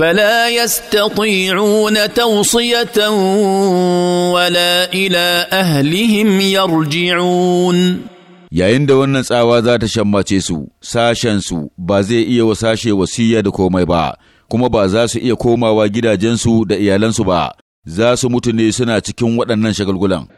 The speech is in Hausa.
فلا na توصيه ولا الى اهلهم يرجعون yayin da wannan tsawa za ta shammace su sashensu ba zai iya wa sashe wasiya da komai ba kuma ba za su iya komawa gidajensu da iyalansu ba za su mutu ne suna cikin waɗannan shagulgulan